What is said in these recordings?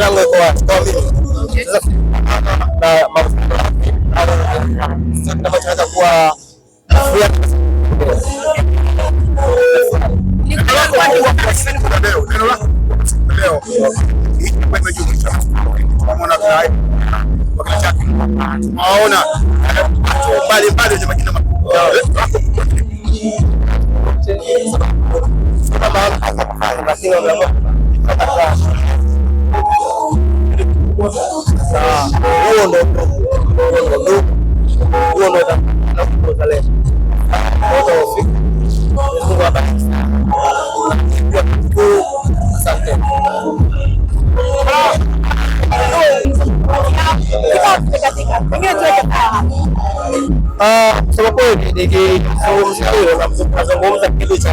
yangu iko wapi? Kwa mimi sasa na mafuta kama tunaweza kuwa tunaona mbalimbali wenye majina makubwa kusema ah, kweli nikizungumza kitu cha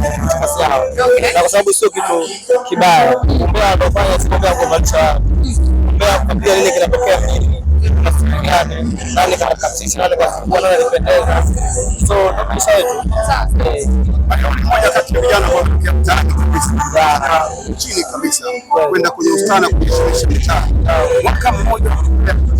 na kwa sababu sio kitu kibaya. Umbea anafanya si umbea kuwavalisha, umbea kupiga nini kinatokea mjini nani kabisa kwenda kwenye ustana kujishulisha mtaani mwaka mmoja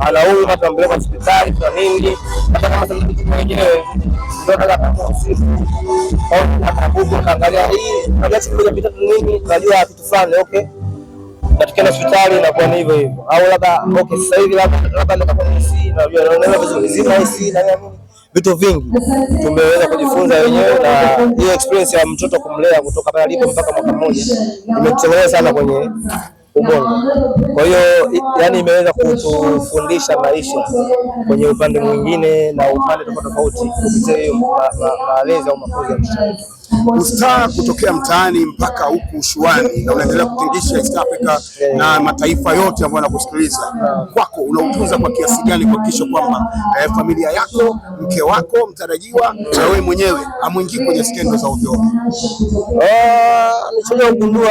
anaumwa, tunampeleka hospitali kwa nini, hata kama mwenyewe kaangalia hii ajasikiapita nini, tunajua kitu fulani okay natukienda hospitali na kwa hivyo hivyo, au labda okay, sasa hivi labda na naona vitu vingi tumeweza kujifunza wenyewe, na hiyo experience ya mtoto kumlea kutoka pale alipo mpaka mwaka mmoja imetutengeneza sana kwenye ubongo. Kwa hiyo yani, imeweza kutufundisha maisha kwenye upande mwingine na upande tofauti tofauti kupitia hiyo malezi au mafunzo ya msichana. Ustaa kutokea mtaani mpaka huku ushuani na unaendelea kutingisha East Africa na eh. mataifa yote ambayo yanakusikiliza eh. kwako, unautunza kwa kiasi gani kuhakikisha kwamba eh, familia yako, mke wako mtarajiwa na wewe mwenyewe amwingii kwenye skendo za ovyo ovyo? Uh, kugundua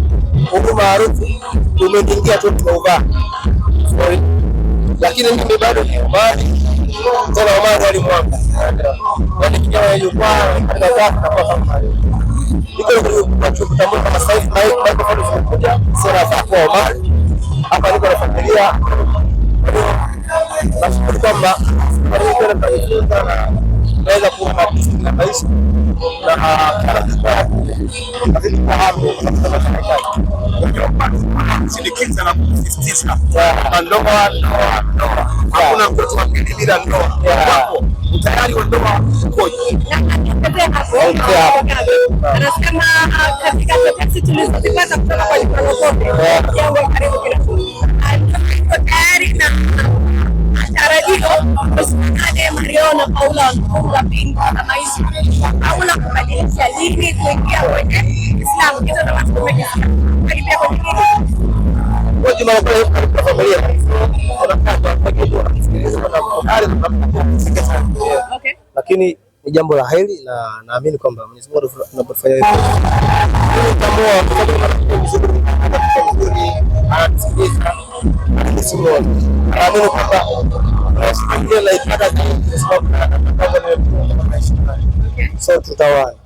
huduma maarufu umeingia tu tumeuvaa, lakini mimi bado ni Omari, wa jukwaa katika zaka kwa kama niko kwa kwa hapa, niko na familia na kwamba naweza kuwa na maisha sindikiza na kusisitiza ndoa, ndoa, ndoa. Hakuna mtoto wa pili bila ndoa. Wako utayari wa ndoa ukoje? na Paula wamefunga pingu kama hizi, hauna kubadilisha dini kuingia kwenye Islam, hizo lakini ni jambo la heri na naamini kwamba Mwenyezi Mungu anapofanya hivyo anatusikiliza, anatusikiliza, anaamini kwamba I'm hata kama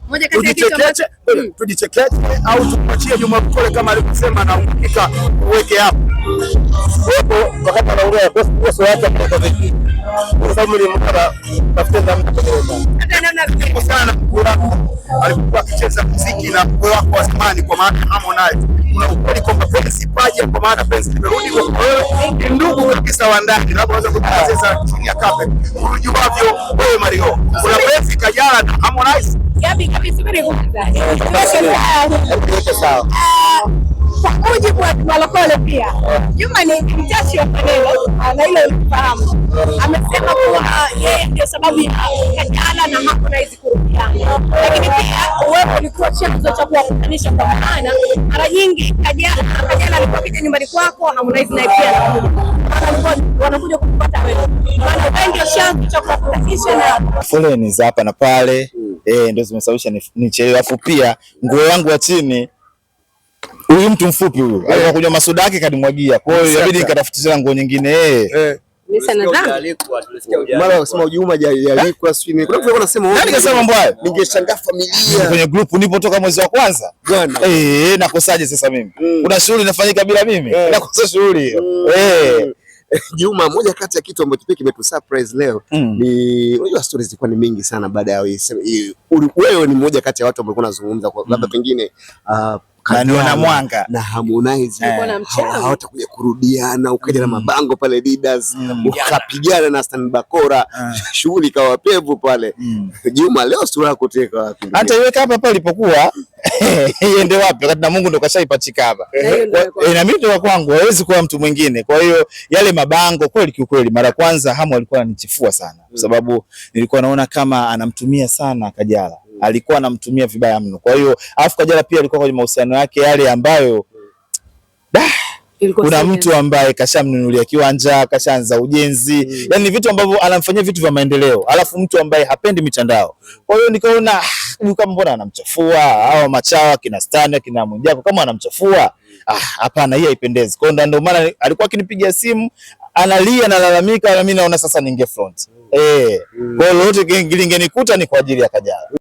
tujichekeche hmm. au tuachie Juma Mkole kama alivyosema, na uhakika uweke hapo wakati anaongea koso yake alikuwa akicheza muziki na mkwe wako wa zamani, kwa maana Harmonize, kuna ukweli kwamba penzi paja, kwa maana penzi limerudi kwa wewe, ni ndugu kabisa wa ndani, labda unaweza kucheza chini ya kape, unajua wewe Mario, kuna penzi kajala na Harmonize Ah, kwa mujibu wa Malokole pia Juma ni mchache wa maneno na hilo ulifahamu. Amesema kuwa ah, yeye ndio sababu ya Kajala na Harmonize kurudiana, lakini pia uwepo ulikuwa chanzo cha kuwakutanisha, kwa maana mara nyingi Kajala alikuwa akija nyumbani kwako, Harmonize naye pia wanakuja kupata wewe, maana wengi chanzo cha kuwakutanisha na foleni za hapa na pale eh, ndio zimesababisha nichelewe. Afu pia nguo yangu ya chini huyu mtu mfupi huyu yeah. Alikuwa kunywa masuda yake kadimwagia, kwa hiyo inabidi nikatafutia nguo nyingine eh. Eh. Ningeshangaa kwenye group nipotoka mwezi wa kwanza eh, nakosaje sasa mimi? Mm. Kuna shughuli inafanyika bila mimi, eh. nakosa shughuli mm. eh Juma, moja kati ya kitu ambacho pia surprise leo mm. ni unajua stories zilikuwa ni mingi sana baada ya wewe, ni moja kati ya watu ambao unazungumza kwa labda mm. pengine uh, na Mwanga na Harmonize eh. hawatakuja kurudiana, ukaja na mm. mabango pale Leaders, mm. ukapigana na Stan Bakora, eh. shughuli ikawa pevu pale. Mm. Juma, leo sura yako teka wapi? Hata iweka hapa pale ilipokuwa iende wapi? Wakati na Mungu ndo kashaipachika hapa, na eh, mimi ndo kwangu, hawezi kuwa mtu mwingine. Kwa hiyo yale mabango kweli, kiukweli, mara kwanza Hamu alikuwa ananichifua sana, kwa sababu nilikuwa naona kama anamtumia sana Kajala alikuwa anamtumia vibaya mno. Kwa hiyo afu Kajala pia alikuwa kwenye mahusiano yake yale ambayo da, kuna mtu ambaye kashamnunulia kiwanja, kashaanza ujenzi mm. Yani vitu ambavyo anamfanyia vitu vya maendeleo, alafu mtu ambaye hapendi mitandao. Kwa hiyo nikaona ah, kama mbona anamchafua hawa machawa kina Stani kina Mwijaku, kama anamchafua ah, hapana, ah, hii haipendezi. Kwa hiyo ndio maana alikuwa akinipigia simu analia, nalalamika, na mimi naona sasa ninge front mm. eh mm. kwa hiyo mm. lolote lingenikuta ni kwa ajili ya Kajala.